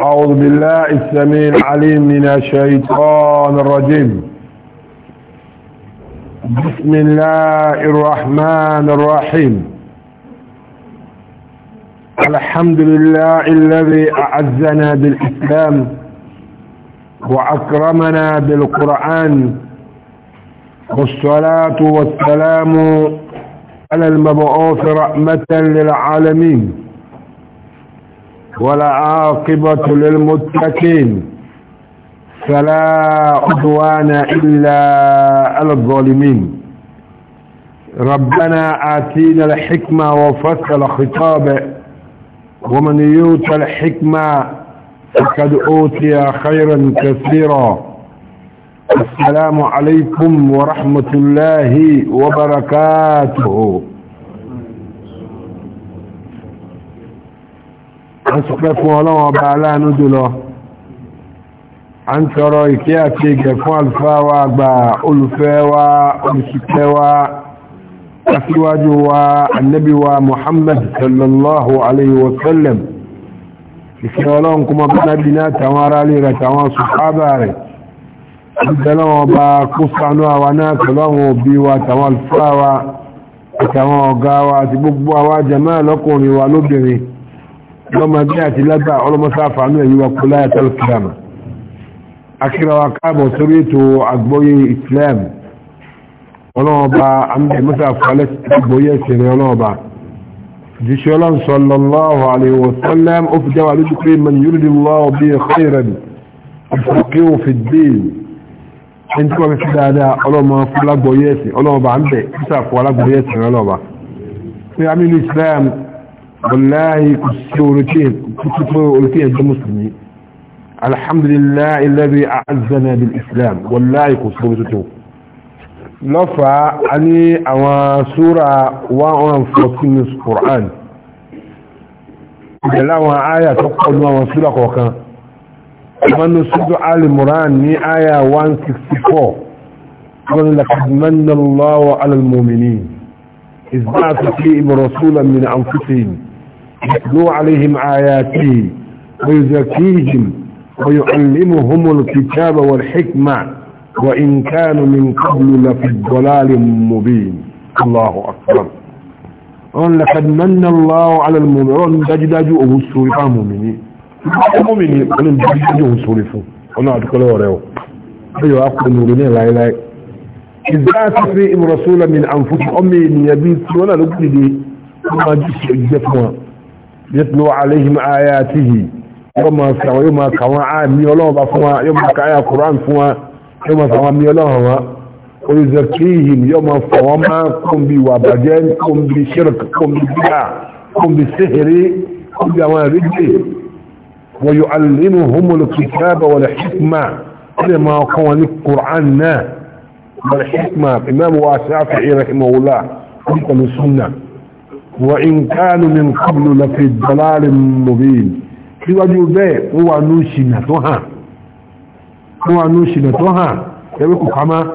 أعوذ بالله السميع العليم من الشيطان الرجيم بسم الله الرحمن الرحيم الحمد لله الذي أعزنا بالإسلام وأكرمنا بالقرآن والصلاة والسلام على المبعوث رحمة للعالمين ولا عاقبة للمتقين فلا عدوان إلا على الظالمين ربنا آتينا الحكمة وفصل خطابه ومن يوت الحكمة فقد أوتي خيرا كثيرا السلام عليكم ورحمة الله وبركاته a ń sọpẹ́ fún ọlọ́wọ́ ọba aláàánú jùlọ a ń tọrọ ìkẹ́ àti ìgẹ̀ fún àlùfáà wa àgbà olùfẹ́ wa olùsùpẹ́ wa aṣíwájú wa annabi wa muhammad sallallahu alaihi wasallam ìfẹ́ ọlọ́run kuma bánábi náà tàwọn ará lè rẹ̀ tàwọn sùpábà rẹ̀ ìdẹ́lọ́wọ́ àti gbogbo àwa jẹ́mọ́ ẹ̀lọ́kùnrin wa lóbìnrin lọ́mọ bí àti lágbà ọlọ́mọsá fàánú ẹ̀yí wa kó láyà tẹ́lifíàmù akírawa káàbọ̀ sórí ètò àgbóyé Islam ọlọ́ọba amúdẹ̀mọ́sá fàálẹ̀ àgbóyé ìṣẹ̀rẹ̀ ọlọ́ọba jíṣẹ́ sallallahu alayhi wa sallam ó fi jáwà lójú pé man yuridillahu bihi khayran yufaqihu fid-din ẹni tí wọ́n fi dáadáa ọlọ́mọ fúlágbóyé ẹ̀sìn ọlọ́ọba amúdẹ̀ mọ́sá fàálẹ̀ àgbóyé ìṣẹ̀rẹ̀ ọlọ́ọba والله كنت ولتي أجل مسلمي الحمد لله الذي أعزنا بالإسلام والله كنت ولتي نفع أني أو سورة وأن فلسطين القرآن جلاوة آية تقول وأن سورة قوكا من سورة آل مران ني آية 164 قال لقد من الله على المؤمنين إذ بعث فيهم رسولا من أنفسهم يتلو عليهم آياته ويزكيهم ويعلمهم الكتاب والحكمة وإن كانوا من قبل لفي الضلال مبين الله أكبر أن لقد من الله على المؤمنين دجداجو أبو السوري المؤمنين المؤمنين قال دجداجو أبو السوري أنا أتكلم وريه أيها أقول مؤمنين لا إله إذا بعث فيهم رسولا من أنفسهم أمي يبيت ولا نبني دي ما جيش يجفنا يتلو عليهم آياته يوم سوا يوم كوا عام يولوب فما يوم كأي آية قرآن فما يوم سوا ميولوه ويزكيهم يوم سوا ما كم بي بوابجان كم بي شرك كم بي ببدع كم بي بسحر كم بي بوارده ويعلمهم الكتاب والحكمة لما قوى القرآن والحكمة إمام واسع في رحمه الله قلت السنة وإن كانوا من قبل لفي الضلال المبين في وجه بيه هو نوشي نتوها هو نوشي نتوها يقول كما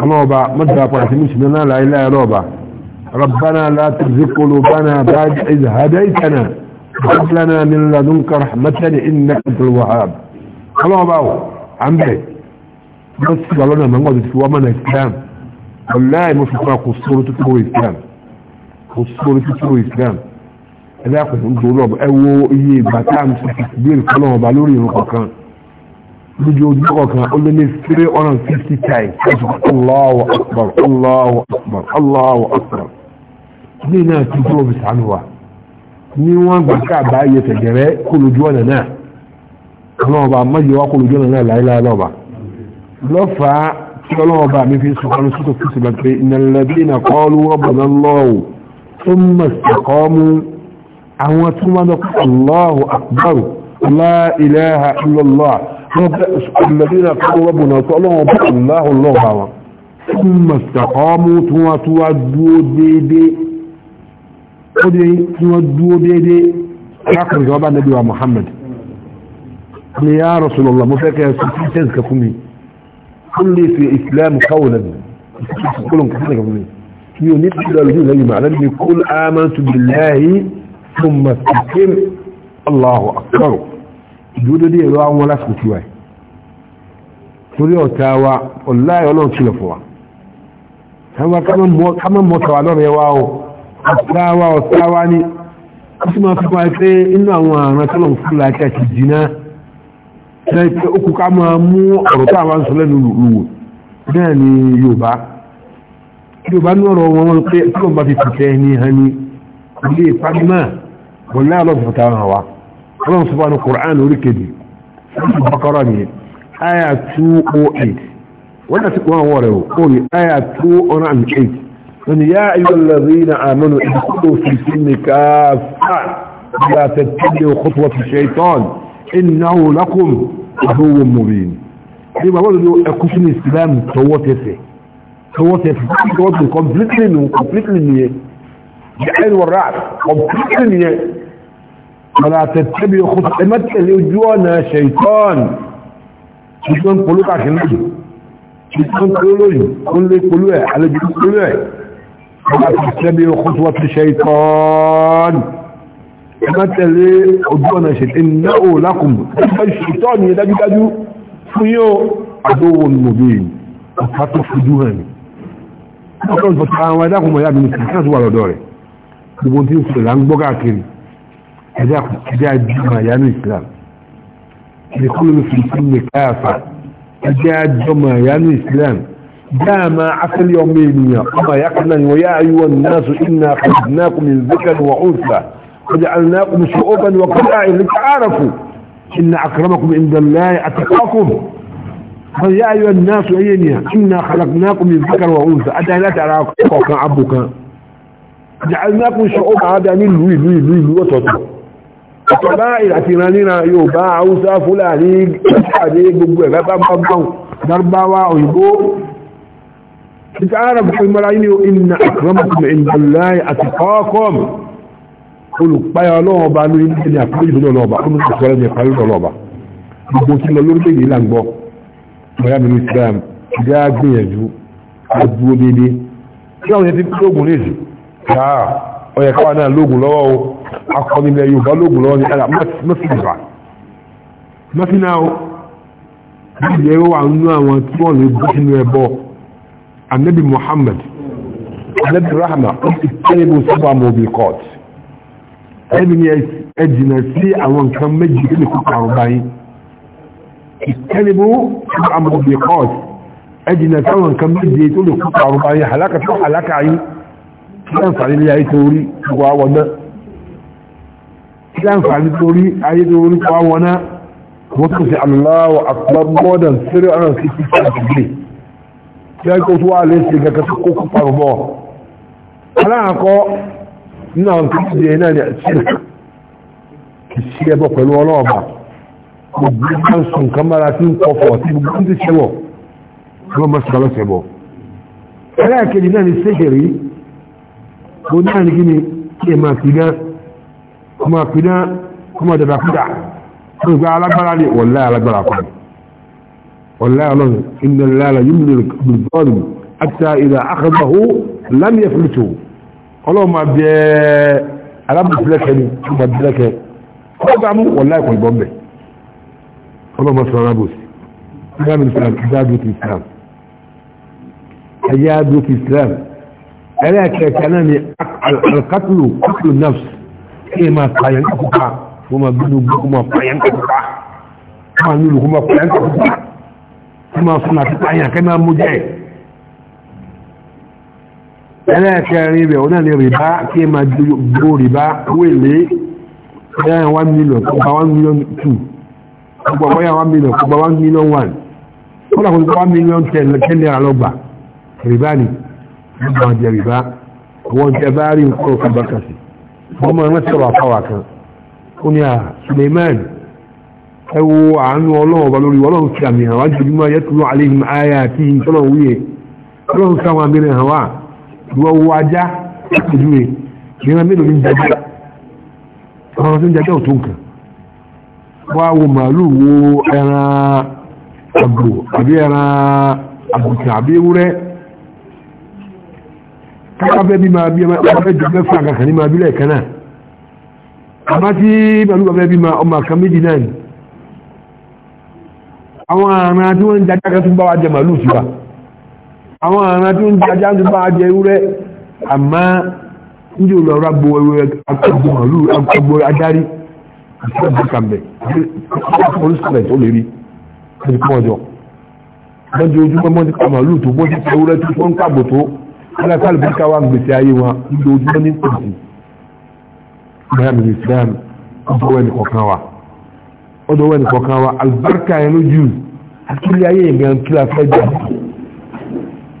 رابع مدى قرأتنيش لنا لا إله رابع ربنا لا تزق قلوبنا بعد إذ هديتنا وقف لنا من لدنك رحمة إنك أنت الوهاب رابع عم بيه بس قالوا لنا من قد تسوى من الإسلام والله مش فاق الصورة تسوى الإسلام kò sóri títúrò islam ẹgbẹ́ àpẹẹrẹ ń dòrò ọ̀bọ̀ ẹ wo iye ìgbà tá à ń sọ ìbéèrè fọlọ́ ọba lórí ìrun kọ̀ọ̀kan lójú ojú kọ̀ọ̀kan ó lé ní three hundred and fifty times láti kọ́ Allahu akbar Allahu akbar Allahu akbar ní iná títúrò fi sànù wa ní wọ́n gbà ká àbá iye tẹ̀gẹ̀rẹ́ kó lójú ọ̀nà náà ọlọ́ọ̀ba mọ́jọ wa kó lójú ọ̀nà náà láéláé lọ́ọ̀ba lọ́fàá tí ọlọ́ọ̀ba mi fi sọ̀rọ̀ sọ́tò fún ìsìlẹ̀ pé ìnàlẹ́bí ìnàkọ́ọ́lù rọ́bà náà lọ́wọ́ ثم استقاموا àwọn tó الله أكبر لا إله إلا الله illallah الذين قالوا ربنا صلوا الله الله ثم استقاموا تودوا ديدي ودي إيه؟ تودوا ديدي اخر جواب النبي محمد يا رسول الله مفاكا يا سيدي تذكركم قل لي في اسلام قولا كلهم كثيرا قبلني mi ò ní ìdílọ́lù ní ìlẹ́yìn màá lẹ́nu kul amantu billahi thumma istaqim Allahu akbar ìdúró dédé ẹ̀rọ àwọn lásìkò tiwa ẹ̀ torí ọ̀tá wa ọ̀láyọ̀ ọlọ́run kìlọ̀ fún wa àwọn kámọ́ mọ́tọ̀ alọ́rẹ̀ wa o ni ó sì tí o bá ní ọ̀rọ̀ wọn pé tí o bá fi fìtẹ́ ní ẹni ilé ìpàdé náà wọn náà lọ fìtà hàn wá ọlọ́run sọ fún Qur'an orí kejì ọlọ́run Baqara ni aya 208 wọ́n ti kọ́ àwọn ọ̀rẹ́ o kò ní aya 208 wọ́n ni yá ayọ́ lẹ́rìnà àmọ́nù ìdíkúrò fi sí ní káfà ìyá tẹ̀tẹ̀lẹ̀ òkútùwọ̀ fi ṣe ìtọ́n ìnáwó lákòm àbúwò mọ̀rin ní bàbá òdòdó ẹkùn sí ní ìsìlámù tọwọ́ tẹ̀sẹ̀ So what if God will completely new, completely new, the end will wrap, completely new. ولا تتبع خطمت الوجوانا شيطان شيطان قلوك عشان نجي شيطان قلوك كل قلوك على جيد قلوك ولا تتبع خطوة الشيطان قلت لي قدونا شيطان إنه لكم الشيطان يدجدج فيه عدو مبين فتفجوهني ọlọ́run fọ́tí àwọn ẹ̀dàkùn mọ̀ yàbí nìkan kí wọ́n wà lọ́dọ̀ rẹ̀ gbogbo tí ó sọ̀rọ̀ là ń gbọ́ káàkiri ẹ̀dàkùn ẹ̀dà àjùmọ̀ àyánú islam ìdíkúlù mùsùlùmí ní káàfà ẹ̀dà àjọmọ̀ àyánú islam dáàmà afẹ́lẹ́ ọmọ ènìyàn ọmọ àyà kan náà wọ́n yá ayúwọ̀ náàsù iná kàdínákùn min zikr فيا أيها الناس أينيا إنا خلقناكم من ذكر وأنثى أتى لا ترى كوكا أبوكا جعلناكم شعوبا هذا من لوي لوي لوي وسط قبائل أتنانينا يوبا عوسى فلاني أشعري بقوة بابا بابا ضربا وعيبو تعرف في الملايين إن أكرمكم عند الله أتقاكم قلوا بايا لوبا لوي لوي لوي لوبا قلوا سؤالي قلوا لوبا gbogbo tí lọ lórílẹ̀-èdè ìlànà mọ̀lábìnrin islam ìdá gbìyànjú àdúró dédé tí àwọn yẹn ti lóògùn lè sí káà ọ̀yẹ̀ káwà náà lóògùn lọ́wọ́ o akọni ilẹ̀ yorùbá lóògùn lọ́wọ́ ni ara mọ́sílùbà mọ́sílùbà o bí ìyẹ́ wà nínú àwọn tí wọ́n lè bọ́ sínú ẹbọ anabi muhammad anabi rahma ó ti tẹ́lẹ̀ bó sábà mobile court ẹni ni ẹ sí àwọn nǹkan méjì tó lè kó اجتنبوا سبع مضيقات اجنا كون كم بدي تقول لك قطع رباعية حلاكة تروح حلاكة عين تنفع لي اي توري وانا تنفع لي توري اي توري وانا وتقصي على الله واطلب مودا سرع انا في تسعة tẹ́kọ̀ tó wà lẹ́sẹ̀ gẹ́gẹ́ tó kókò parubọ́ aláàkọ́ nínú àwọn kìí ṣe náà ní àṣírí kìí ṣe ẹbọ pẹ̀lú ọlọ́ọ̀bà gbogbo kan sùn kamara tí ń kọfọ̀ tí gbogbo ń ti ṣẹwọ̀ ló mọ́ sọ́lọ́ ṣẹbọ̀ ẹ̀rẹ́ àkejì náà ni séhèrè ó náà ní kí ni kí ẹ máa pidán ọmọ pidán ọmọ dàdà kúdà tó gba alágbára ni wọ́n láyà alágbára kọ́ wọ́n láyà iná láyà yìí lè bọ́ọ̀lù àti ìdá akọ́gbàhó lámìyẹ fúlùtò ọlọ́mọ abẹ́ alábùsílẹ̀kẹ́ ni ọmọ abẹ́lẹ́kẹ́ ọgbàmú wọ́n láyà kọ̀ ìbọn bẹ́ẹ̀ ọlọ́mọ sọ̀rọ̀ arábòsí ìdáàbò islam ìdáàbò ti islam ayé àdó ti islam ẹ̀rẹ́ àkẹ́kẹ́ náà ni alkatulu katulu nafs kí ẹ máa pààyàn kàkùkà wọ́n máa gbínú gbókù máa pààyàn kàkùkà wọ́n máa nílùú kó máa pààyàn kàkùkà wọ́n máa fún àti pààyàn kẹ́ máa mú jẹ́ ẹ̀rẹ́ àkẹ́rin rẹ̀ ọ̀nà ni rìbá kí ẹ máa gbó rìbá wèlé ẹ̀rẹ́ one million ọba one million two ọgbọ̀ bọ́yá one million kọgbà one million one kọ́lá kò gbà one million ten lẹ́kẹ́lẹ́ àlọ́gbà rìbá ni nígbà jẹ rìbá àwọn jẹ bá rí nǹkan òkú bá kàsì wọ́n máa rántí ọ̀rọ̀ àfáwà kan ó ní à Suleiman ẹ wo àánú ọlọ́run ọba lórí ọlọ́run ti àmì àwọn àjọjúmọ́ ayé tó lọ alẹ́ ní ayé àti ìtọ́lọ̀ wúyẹ ọlọ́run sáwọn àmì rẹ̀ hàn wá ìwọ wo ajá ìdúwe ìran mélòó ní jẹjẹ àwọn tó ń jẹjẹ òtún kan wáwo màálù wo ẹran àgbò àbí ẹran àgùntàn àbí ewúrẹ́ káfẹ́ bí máa bí ẹgbẹ́ jù mẹ́fà kàkà ní máa bí lẹ́ẹ̀kan náà àmá tí màálù bàbá bí máa ọmọ àkà méjì náà ni àwọn àrùn tí wọ́n ń jajá kan tún bá wa jẹ màálù sí wa àwọn àrùn tí wọ́n ń jajá tún bá wa jẹ ewúrẹ́ àmá ń jò lọ rágbó ẹwẹ́ àgbò màálù àgbò adarí àti ọ̀dọ́ kàmbẹ̀ police college ó lè rí ẹni kọ́ ọjọ́ lọ́jọ́ ojúmọ́ mọ́ nípa màálù tó bọ́ nípa ewúrẹ́ tó tó ń kàgbò tó alákàlù bí káwá ń gbèsè ayé wọn nílò ojúmọ́ ní pèsè mayami islam ọdọwọ́ ẹni kọ̀ọ̀kan wa ọdọwọ́ ẹni kọ̀ọ̀kan wa albarka ẹni jù akílẹ̀ ayé yẹn gan kí la fẹ́ jà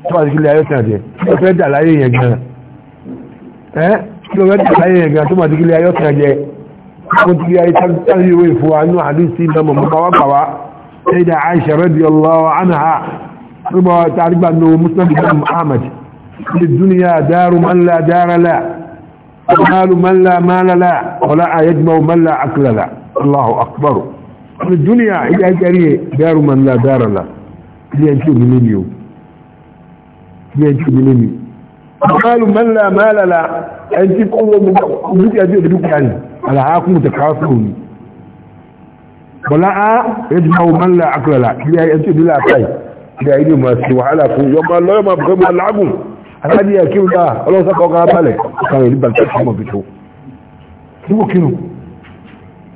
tó àti kílẹ̀ ayé sàn jẹ kí la fẹ́ jà láyé yẹn gan ẹ kí la fẹ́ jà láyé yẹn قد يا تنتهي ويفوانو حديثي لما مقوقوا سيدة عائشة رضي الله عنها ربما تعرف أنه مسلم بن أحمد الدنيا دار من لا دار لا مال من لا مال لا ولا يجمع من لا عقل لا الله أكبر الدنيا هي جريه دار من لا دار لا لينشو بنينيو لينشو مني مال من لا مال لا أنت قوة من قوة al'akun mutakasirun wala'a yajma'u man la aqla la ya yanzu dila kai da ido masu wahala ko yau ma lawyer ma bukan al'abun alhaji ya kiwu da Allah saka ga bale kan yi ban kashi mu fito duko kinu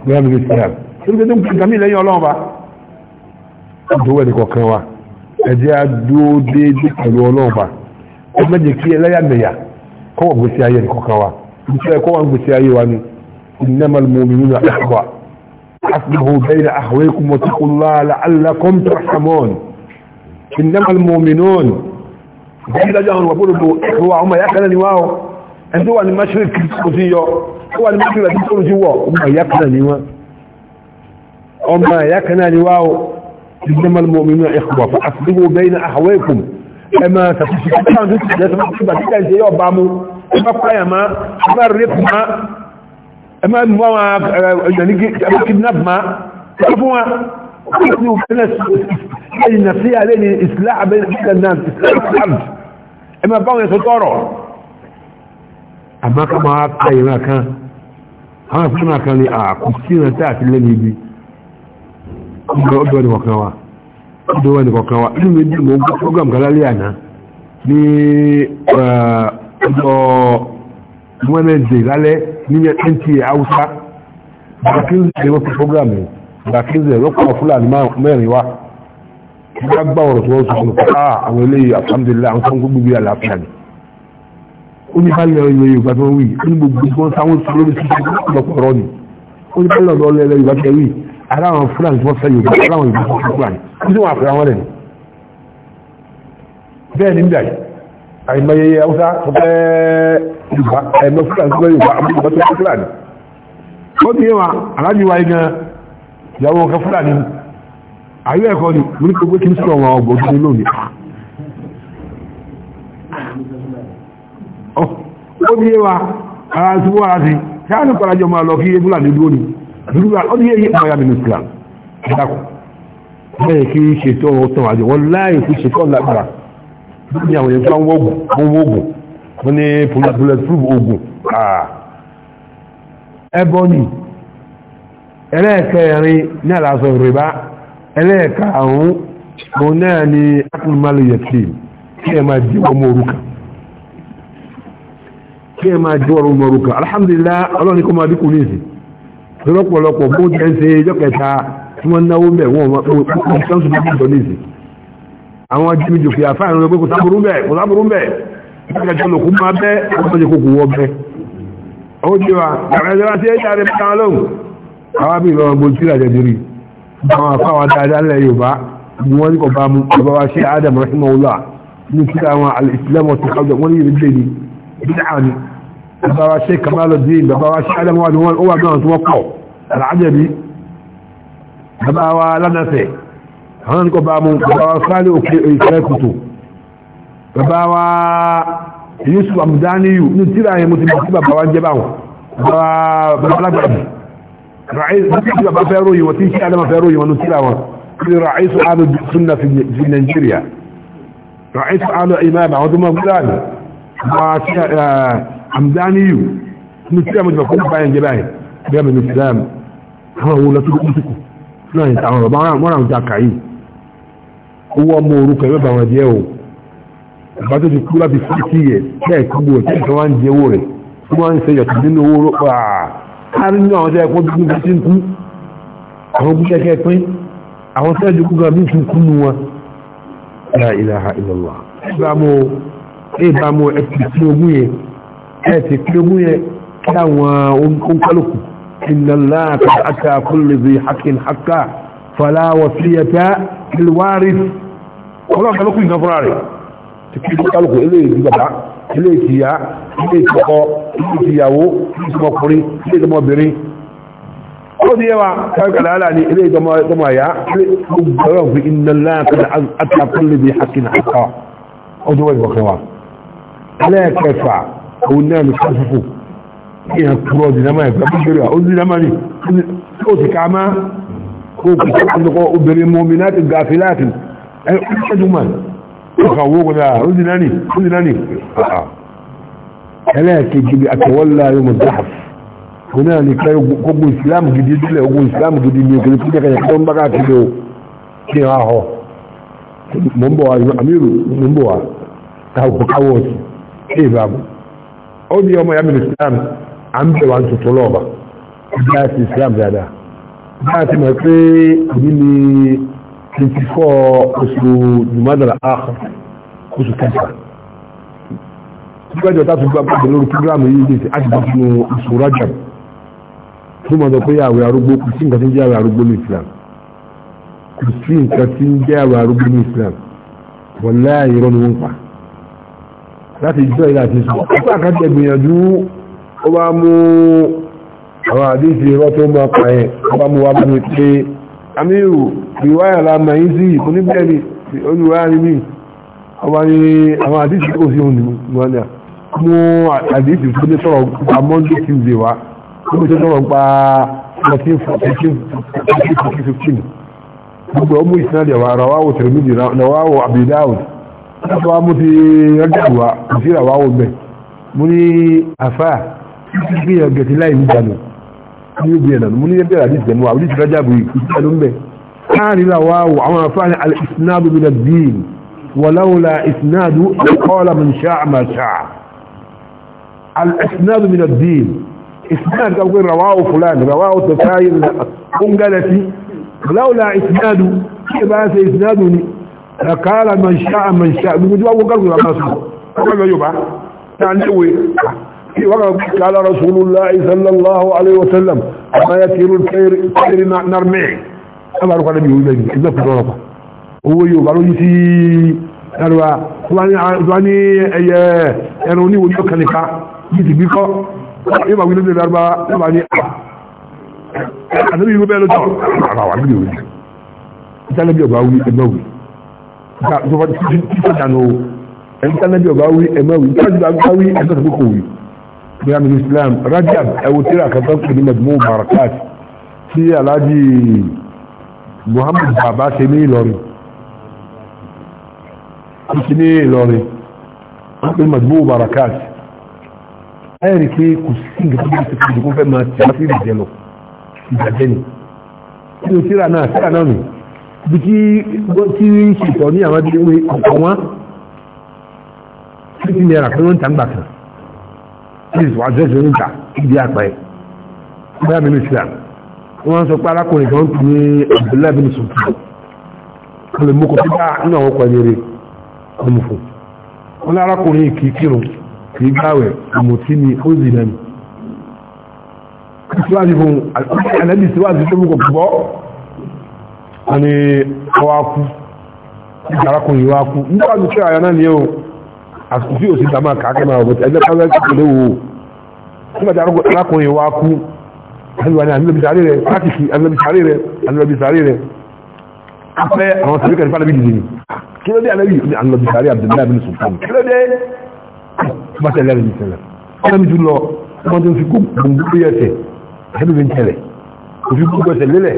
ya mi islam kin ga dun kan mi lẹ́yìn Ọlọ́run ba do wa ni ko kan wa ẹ jẹ́ adu de de pẹ̀lú Ọlọ́run ba o ma je ki eleya meya ko wa gbe si ayé ni ko kan إنما المؤمنون إخوة حفظه بين أخويكم واتقوا الله لعلكم ترحمون إنما المؤمنون بين جهن وقولوا إخوة هم يقلني واو انتوا ان المشرك كتبوزيو هو المشرك الذي تقولوا هم يقلني واو هم يقلني واو إنما المؤمنون إخوة فأصلحوا بين أخويكم أما تفسكتان تتبع تتبع تتبع تتبع تتبع تتبع تتبع تتبع ẹ máa mú àwọn ẹ̀yàn ní kidnap ma ẹ fún wa ní òfin ẹ̀yìn nà sí alẹ́ ní islam islam ẹ máa báwọn ẹ̀sọ́ tọrọ àmá ká máa ká ìran kan àwọn ìfúnná kan ní àkù sí ìran tí a ti lẹ́nu ibi ọdún ọdún wa ọdún wa inú mi dì mọ́ program kan àná ní ọjọ́ wednesday lálẹ́ ní ẹ̀kẹ́ntì haúsá bàkínzẹ̀ wọ́n fi fọ́gàmì bàkínzẹ̀ lọ́pọ̀ fúlàní mẹ́rin wá bá gbá ọ̀rọ̀ tó wọ́n sọ fún ká ah, àwọn eléyìí alhamdulillah àwọn sọ́n gbogbo yà láàfíà ni ó ní báyìí lọ ilẹ̀ yorùbá tó wí ó ní gbogbo wọn sáwọn sọ lórí sísè lọ́pọ̀ ọ̀rọ̀ ni ó ní báyìí lọ ilẹ̀ yorùbá tó wí ara àwọn fúlàní tó fẹ́ yorùbá ara àwọn yorùbá tó fúlàní ó sì wọn àfẹ́ àwọn rẹ̀ ni bẹ́ẹ̀ ni bíyà yìí àìmọye haúsá tó fẹ́ yorùbá ẹ̀mọ fúlàní tó fẹ́ yorùbá àmúlùmọ́ tó fẹ́ fúlàní ó ti yé wa aláàjì wa yìí gan ìyàwó ọkọ fúlàní ayé ẹ̀kọ́ ni mo ní kí gbé kí n sọ̀rọ̀ wọn ọgbọ̀n tó ní lónìí ó ti yé wa ara ti wọ́n ara ti ṣáà ní kọ́lájọ́ máa lọ kí iye fúlàní dúró ni dúró ó ti yé yé ọmọ ya mi ní fúlàní dákùn bẹ́ẹ̀ kí ṣètò ọ̀tọ̀ àjọ wọn láì fi ṣètò ọ̀lágbára ní àwọn èèyàn tó ń wọ́gùn wọ́n wọ́gùn wọ́n ní bulletproof ogun ẹbọ ni ẹlẹ́ẹ̀kẹrin náà lásọ rìbá ẹlẹ́ẹ̀kàrún òun náà ni akùnmọ́lù yẹ̀tì kí ẹ máa jí ọmọ òrukàn kí ẹ máa jí ọmọ òrukàn alhamdulillah ọlọ́ni kó máa dínkù níìsì lọ́pọ̀lọpọ̀ bó jẹ́ ń ṣe jọ́kẹta tí wọ́n náwó mẹ́ wọ́n àwọn ajínigbò fi àfáà ìrìn ọgbẹ́ kò sáburú bẹ̀ kò sáburú bẹ̀ ìgbàjọ́ lòkú máa bẹ́ ọgbẹ́ kò kò wọ́ bẹ́ ó ti wà àwọn ẹ̀rọ tí ẹ̀yà rẹ̀ pátá lóhùn àwọn àbí ìlọ́wọ́ gbogbo tí ìrìnàjò dìrì àwọn àfáà dáadáa lẹ̀ Yorùbá ni wọ́n ní kò bá mú bàbá wa ṣe Adam rahimahullah ní kí àwọn al-Islam ọ̀sẹ̀ káwọ́ wọ́n ní ìrìnàjò ni bídà ni àwọn nìkan bá mú bàbá wa sálẹ̀ òkè ìfẹ́ kùtù bàbá wa Yusuf amudaniyu ní tíra yẹn mo ti mọ̀ sí bàbá wa ń jẹ́ báwọn bàbá bàbá alágbàdì ràáyé sí bàbá fẹ́ ròyìn wọn tí ń ṣe adama fẹ́ ròyìn wọn ní tíra wọn kí ràáyé sọ àlù sunna fi Nàìjíríà ràáyé sọ àlù imam àwọn tó mọ̀ gúdáàdì bàbá sí amudaniyu ní tíra mo ti mọ̀ fún bàbá yẹn jẹ́ báyìí bẹ́ẹ̀ mi ní tíra yẹn àwọn òun lọ sí kúkú síkù náà ìtàwọn bàbá wọn àwọn jà kàyí owó ọmọ orúkọ ẹgbẹ́ bàwọn jẹ́ o bá tó ti kú láti fún kí yẹ bẹ́ẹ̀ kí gbogbo ẹ̀kí kan wọ́n ń jẹ owó rẹ̀ tí wọ́n ń ṣe yọ̀tọ̀ nínú owó rọ́pà kárí ní àwọn tẹ́ẹ̀kọ́ bí wọ́n ti ń kú àwọn bí pín àwọn tẹ́ẹ̀jú kú gan bí ń kú nu wọn la ilaha illallah ìbámu ìbámu ẹ̀kí ogún yẹ ẹ̀ kí ogún yẹ kí àwọn oǹkálùkù إن الله ọlọ́run tẹ́lókù nǹkan fúnra rẹ̀ ti kí kálùkù eléyìí ti bàbá eléyìí ti ya eléyìí ti ọkọ eléyìí ti ìyàwó eléyìí ti ọmọkùnrin eléyìí ti ọmọbìnrin ó di yẹwa káàkiri àlá ni eléyìí ti ọmọ àyà gbọ́dọ̀ fi iná láàkàtà àtàkùnlé bí hakin àkà ọjọ́ wọ́n ìwọ̀kẹ́ wa ẹlẹ́ẹ̀kẹfà òun náà ní káfífò ìyẹn kúrọ̀ dìnámà ẹ̀gbẹ́ bíbélì ó dìnámà ni ó ti ẹjùmọ̀n ọkàwó gbọ́dá rúdìnání rúdìnání ẹlẹ́ẹ̀kejì àtẹ̀wọ́lá yóò dáhàf oní àní kẹ́rẹ́ gbogbo ìsìlámù gidi dílẹ̀ ogun ìsìlámù gidi ní òkèrè tó jẹ́kẹ̀yẹ̀ tó ń bá káàkiri o kí n ahọ́ mọ̀ ń bọ̀ wá amíru mọ̀ ń bọ̀ wá káwọ́ ọ̀sì kí n bàbá ó ní ọmọ yàmìlì ìsìlámù à ń bẹ̀rẹ̀ wá ń 24 oṣù jùmọ́dàlá àkọ́ oṣù kẹta gbẹ́jọ tàbí gbàgbọ́ lórí pírógrámù yìí lè ṣe àjùbọ́ sínú oṣù rajab tó mọ̀ sọ pé àwẹ̀ arúgbó kò sí nǹkan tí ń jẹ́ àwẹ̀ arúgbó ní islam kò sí nǹkan tí ń jẹ́ àwẹ̀ arúgbó ní islam wallahi irọ́ ni wọ́n pa láti ìjọ ilé àti sọ ọ̀pọ̀ àkàtẹ̀ gbìyànjú ó bá mú àwọn àdéhìí irọ́ tó máa pa yẹn ó bá mú wa bá mi pé amíru ìwáyà la mọ̀ yí sí ìkún níbẹ̀ ni olùwáyà ni mí ọba ni àwọn àdìsí kò sí òun nìwọ́n ni mú àdìsí tó ní sọ̀rọ̀ gba monday tuesday wa ó bí tó sọ̀rọ̀ gba 14 15 15 gbogbo ọmọ ìsinadì àwọn arawawo tẹ̀lẹ́mìdì rawawo abidáwò láti wá mú ti rẹ́dàwà kò sí rawawo bẹ̀ mú ní àfáà títí fi ẹ̀gẹ̀tì láì ní ìjànà ní ó gbìyànjú mo ní ẹgbẹ́ àdìs jẹ̀mú àwọn ìṣẹ́ rájà bùrì ìṣẹ́nu ń bẹ̀ káàrin ra wá wò àwọn afáàní alìsínádù bí nàbíìn wàláwòlá ìsínádù kọ́ọ̀lá mi ṣá àmà ṣá alìsínádù bí nàbíìn ìsínádù kan pé rawahu fúlàní rawahu tó káyé ń gálẹ̀ sí wàláwòlá ìsínádù kí ẹ bá ṣe ìsínádù ni kàkàrà mà ṣá àmà ṣá gbogbo tí وقال قال رسول الله صلى الله عليه وسلم ما يطير الطير طير نرميه أما رقى نبي يقول إذا كنت رقى هو يقول يتي ẹ̀rọ̀wà wọ́n ní ẹyẹ ẹran oníwò yóò kẹlẹ̀ká ní ti bí kọ́ yóò máa wí lóde lárúbá yóò máa ní àtàbí ìwé bẹ́ẹ̀ lọ́tọ̀ àwọn àwọn àbílẹ̀ òní ìtàlẹ́bí ọ̀bá wí ẹgbẹ́ wí títọ́ dànù ẹ̀ńtàlẹ́bí ọ̀bá wí ẹgbẹ́ wí títọ́ dànù ọ̀bá wí ẹgbẹ́ بيعمل الإسلام رجب أو ترى كتبت من مجموع بركات في الهادي محمد بابا سيني لوري سيني لوري من مجموع بركات ẹ̀rì pé kò sí ìgbàgbọ́ ìtẹ̀kùn ìdìbò fẹ́ máa tẹ̀ láti ìrìnjẹ lọ ìgbàjẹ́ ni nínú tíra náà tíra náà nì bí kí tí ṣètọ́ ní àwọn adúlé ọkọ̀ wọn 50 naira pé wọ́n ń ta ń gbà kan jesus wà jẹ́sẹ̀ níta ìdí àpá ẹ̀ bóyá mi ní islam wọ́n sọ pé arákùnrin kan ti ní abdullahi bin sultan kò lè mú kọfí bá nínú àwọn ọkọ̀ ẹni rẹ̀ ọmọ fún wọn ní arákùnrin kì í kírun kì í gbáwẹ̀ àmọ̀tí ni ó zì náà ni síwájú fún alẹ́bí síwájú tó mú kọfí bọ́ wọn ni ọwá kú ìjà arákùnrin wá kú nígbà tó kí àyà náà ni ó àsìkò tí yóò sí dàmà kàákẹ́ máa wọ̀ ẹgbẹ́ káwẹ́ kékeré wò ó nígbà tí arákùnrin wa kú àbíwá ní àbílẹ̀bìsáré rẹ̀ káàkiri àbílẹ̀bìsáré rẹ̀ àbílẹ̀bìsáré rẹ̀ afẹ́ àwọn sàbíkà nípa níbi dìde ni kí ló dé àbílẹ̀bì ní àbílẹ̀bìsáré Abdullahi bin Sultan kí ló dé bá tẹ̀lé rẹ̀ nìṣẹ̀lẹ̀ ọ̀nà mi jùlọ wọ́n tó ń fi gbogbo ẹsẹ̀ ẹ̀bí mi ń tẹ̀lẹ̀ òfin gbogbo ẹsẹ̀ lélẹ̀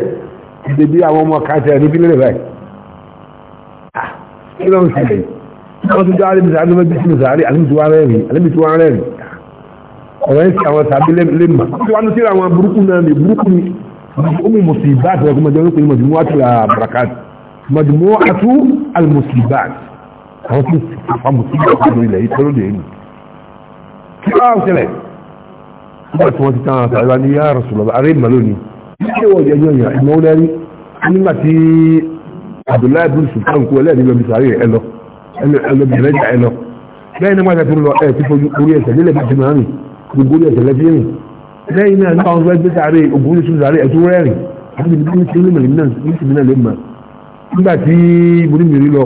wọ́n ti dáa níbi sàárì níbi sàárì sàárì àlébìtì wa rẹ̀ rí àlébìtì wa rẹ̀ rí ọ̀rọ̀ yẹn ti àwọn sàbí lẹ́mà tí wọ́n ti ra àwọn burúkú náà ní burúkú ní ọmọ musibat rẹ̀ kọ́mọdé wọn pè ní mọ̀jùmọ́ àti àbàràkàt mọ̀jùmọ́ àtú àlùmùsìbáàt àwọn tí àwọn musibat rẹ̀ ilẹ̀ yìí tọ́lódé yìí kí wọ́n á ṣẹlẹ̀ nígbà tí ti ẹlòmìnira jà ẹ lọ bẹ́ẹ̀ ni wọ́n ti lọ ẹ̀ tí fojú orí ẹsẹ̀ nílẹ̀ bá ti máa rìn gbogbo orí ẹsẹ̀ lẹ́sẹ̀ rìn lẹ́yìn náà nípa àwọn fẹ́ẹ́ sáré ògùn ní sùn sáré ẹ̀tún rẹ́rìn àti ibi tí ó lè mọ̀ ní tìmí náà lè mọ̀ nígbà tí borí mi rí lọ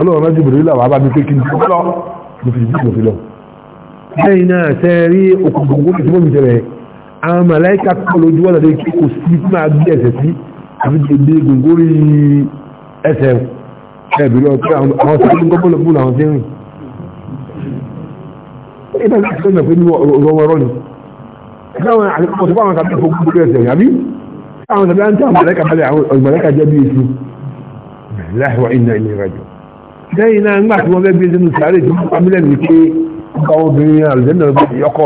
ọlọ́run rántí borí lọ wàá bá mi pé kí n tó lọ mo fi dìbò fi lọ. lẹ́yìn náà ṣe rí okùn gbogbo tí mo fi tẹ̀lẹ̀ àwọn màláìka kọ́ lójú wọn lọ́dẹ kí kò sí máa gbé ẹsẹ̀ sí àfi gbogbo ẹsẹ̀ ẹ̀bìrì ọ̀pẹ́ àwọn tí wọ́n gbọ́gbọ́lọ̀ fún àwọn jẹ́rìn ìbá ní àṣíkọ́ ìgbàgbé ní ọ̀rọ̀ ni láwọn àlẹ́kọ̀ọ́ tó bá wọn tàbí fún gbogbo ẹ̀sẹ̀ yàbí àwọn tàbí àǹtà mọ̀lẹ́kà balẹ̀ àwọn ìmọ̀lẹ́kà jẹ́ bí isu láìwá iná ilé ìrajà lẹ́yìn náà ńgbà tí wọ́n fẹ́ gbé sínú sáré tí wọ́n pamílẹ̀ ní pé ọkọ̀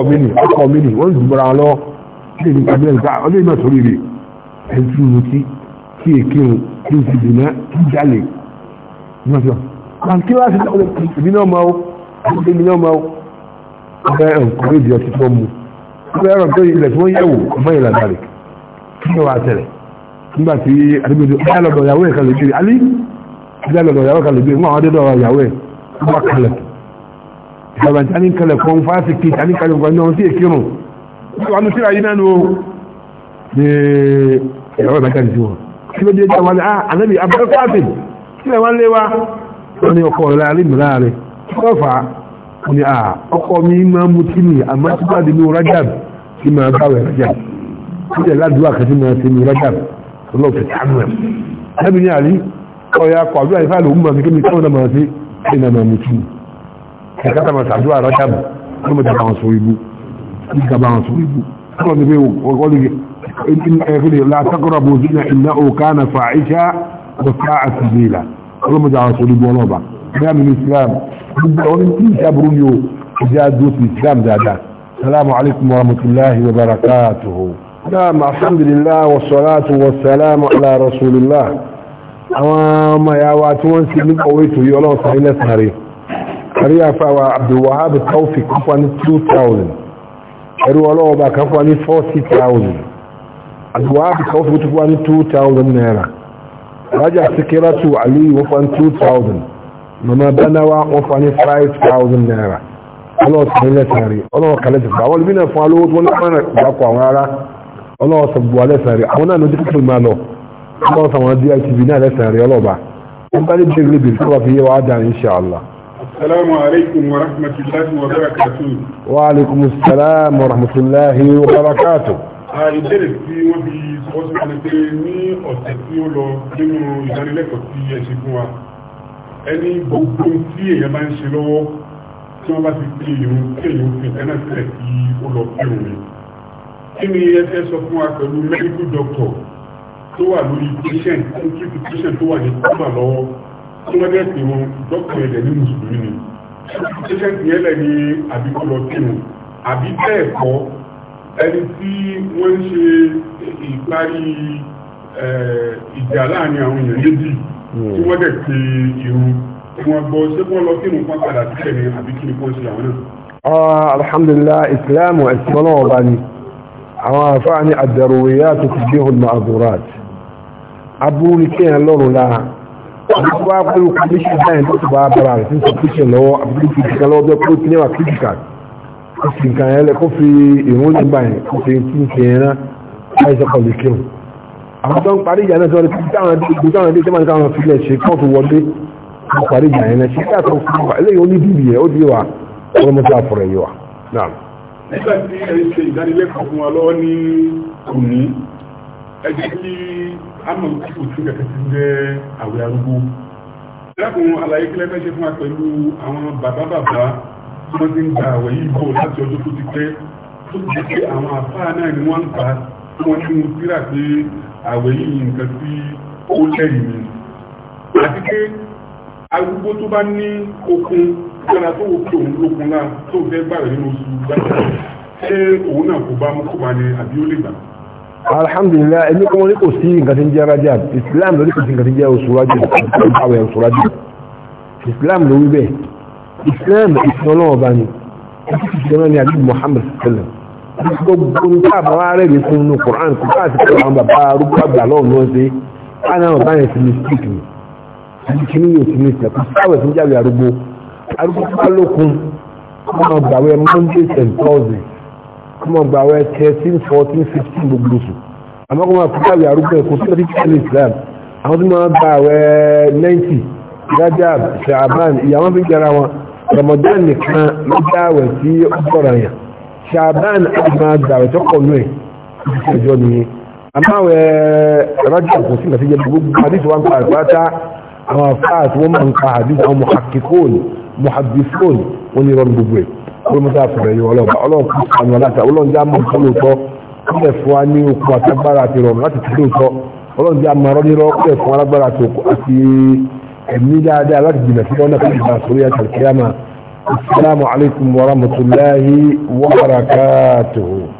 obìnrin àlùjẹ́nà ń tún mutí kí èkéhùn yọjọ kan kí wá sí ọdẹ ìbí náà máa ó àti ìbí náà máa ó ọbẹ ẹnkọrẹ ìdí ọtí tó mú ọbẹ ẹrọ tó ilẹ̀ tí wọ́n yẹ̀wò ọmọ ìlà dàrí kí ló wá tẹ̀lẹ̀ nígbà tí àdébìnrin ọdẹ àlọ́dọ̀ ìyàwó ẹ̀ kan lè gbére alí ọdẹ àlọ́dọ̀ ìyàwó kan lè gbére wọn àwọn adédọ̀ ìyàwó ẹ̀ wọ́n kalẹ̀ ìjọba tí ní kalẹ̀ fún fásitì kí a ní kalẹ̀ fún ọdún tí èkírun wọn ti ra yín nánu o ní ìyàwó ìbájá kílẹ̀ wá lé wá wọ́n ni ọkọ̀ rẹ̀ alẹ́ mìíràn rẹ̀ lọ́fà wọ́n ni ọkọ̀ mi máa mú tí mi àmọ́ tí bá di ní rajab tí máa bá wẹ̀ rajab ó jẹ́ ládùúgbà kan tí máa ti ní rajab lọ́fẹ̀ tánú ẹ̀ lẹ́bi ní àrí ọ̀yà وساعة سبيلا ولما جاء رسول الله ونوبة نعم الإسلام ومن كل شابرونيو جاء دوس الإسلام دادا السلام عليكم ورحمة الله وبركاته نعم الحمد لله والصلاة والسلام على رسول الله أما يا واتوان سيدنا قويتو يولون سهيلة سهري سهري فاوى عبد الوهاب التوفيق كفاني 2000 ẹ̀rù ọlọ́ọ̀bà kan fún wa ní 40,000 àdúwà kan fún wa ní 2,000 naira رجع سكرته علي وفن 2000 مما بنا وفن 5000 نيرا الله سبحانه ساري الله قلت فاول بنا فالوت ونحن جاكوا مالا الله سبحانه ساري هنا ندفك المالو الله سبحانه دي اي تبينا لساري الله با انبالي بجغل بالكوا فيه وعدان ان شاء الله السلام عليكم ورحمة الله وبركاته وعليكم السلام ورحمة الله وبركاته ìbéèrè tí wọ́n fi sọ́sọ́ kan pé ní ọ̀sẹ̀ tí ó lọ nínú ìdánilẹ́kọ̀ọ́ tí ẹ ṣe fún wa ẹni gbogbo tí èèyàn bá ń ṣe lọ́wọ́ tí wọ́n bá ti pè ìrún tí èèyàn fi ẹ̀nà sílẹ̀ tí ó lọ pé òun medical doctor tó wà patient tó patient tó wà ní kọ́mà lọ́wọ́ tí wọ́n doctor ẹ̀dẹ̀ ní mùsùlùmí patient yẹn lẹ̀ ní àbíkọ́ lọ pé òun àbí ẹni tí wọ́n ń ṣe ìparí ìjà láàrin àwọn èèyàn méjì hmm. tí wọ́n dẹ̀ pe irun tí wọ́n gbọ́ ṣé wọ́n lọ kírun kan padà sílẹ̀ ní àbí kí ni kò ṣe àwọn náà. Ah, alhamdulillah islam ẹ̀sìn ọlọ́wọ́ bá ní àwọn àfáà ní àdàrúwẹ̀yà tó ti gbé hùn ma'azurat aburú ní kéèyàn lọ́rùn láà àbí tó bá pẹ̀lú kọ́míṣìn báyìí tó ti bá bára rẹ̀ tó lọ́wọ́ àbí tó lọ́wọ́ bẹ́ẹ̀ kó tiẹ̀ wà kíkà kó fi nǹkan yẹn lẹ kó fi ìrún nígbà yẹn kó fi tún fi yẹn náà láìsẹ̀ kọ̀ lè kírun àwọn tó ń parí ìjà náà sọ pé táwọn ẹbí táwọn ẹbí tí wọ́n káwọn fi lẹ̀ ṣe kọ́ fi wọlé wọ́n parí ìjà yẹn náà ṣe kí àtọ́ fún wa eléyìí ó ní bíbí yẹn ó di wa wọ́n mú sí àfọ̀rọ̀ yìí wa náà. nígbà tí ẹ ń ṣe ìdánilẹ́kọ̀ọ́ fún wa lọ́wọ́ ní kùnú ẹ jẹ́ kí àmọ̀ tí kò tún kẹ̀kẹ́ ti jẹ́ àwẹ̀ arúgbó. ìdákùn àlàyé kílẹ̀ fẹ́ ṣe fún wa pẹ̀lú àwọn bàbá bàbá wọ́n ti ń gba àwẹ̀ yìí bò láti ọjọ́ tó ti pẹ́ tó ti pé àwọn àfáà náà ni wọ́n ń pa tí wọ́n ti mú síra pé àwẹ̀ yìí nǹkan tí ó lẹ́yìn mi àti pé arúgbó tó bá ní okun lára tó wò pé òun lókun náà tó fẹ́ gbàrẹ̀ nínú oṣù gbàgbà ṣé òun náà kò bá mú kó bá ní àbí ó lè gbà alhamdulilayi ẹni kọ́ ní kò sí nǹkan tí ń jẹ́ rájà islam lórí kò sí nǹkan tí ń jẹ́ oṣù rájò islam ìsinmi ọba ni ẹtí ti sọ náà ni àbí muhammed sallam gbogbo ní káàbà wá rẹ̀ lè fún un quran kò káàtì pé àwọn bàbá arúgbó àgbà lọ́wọ́ ni wọ́n ṣe káàná ọba yẹn ti mistake ni àti kí ni yóò ti mistake kò sáwẹ̀ tó jáwé arúgbó arúgbó bá lókun kó máa gbàwé mondays and thursdays kó máa gbàwé thirteen fourteen fifteen gbogbo oṣù àmọ́ kó máa fi jáwé arúgbó ẹ̀ kó tó ti kí ni islam àwọn tó máa gbàwé ninety rajab shaban ìyàwó fi jẹra wọn ramadan nìkan ló dáwẹ̀ tí ó sọ̀rọ̀ yàn ṣàbán àgbà dáwẹ̀ tó kọ̀ nù ẹ̀ ìṣẹ́jọ́ nìyẹn àmáwẹ̀ rájà kò sí ìgbàsíjẹ́ gbogbo àdìsí wọn pa àgbáta àwọn afáà tí wọ́n máa ń ka àdìsí àwọn muhakkikun muhaddithun wọn ni rọrùn gbogbo ẹ̀ wọ́n mọ́ta fẹ̀rẹ̀ yọ ọlọ́ọ̀bá ọlọ́ọ̀kú mọ̀ nǹkan lóòótọ́ ميدادا السلام عليكم ورحمه الله وبركاته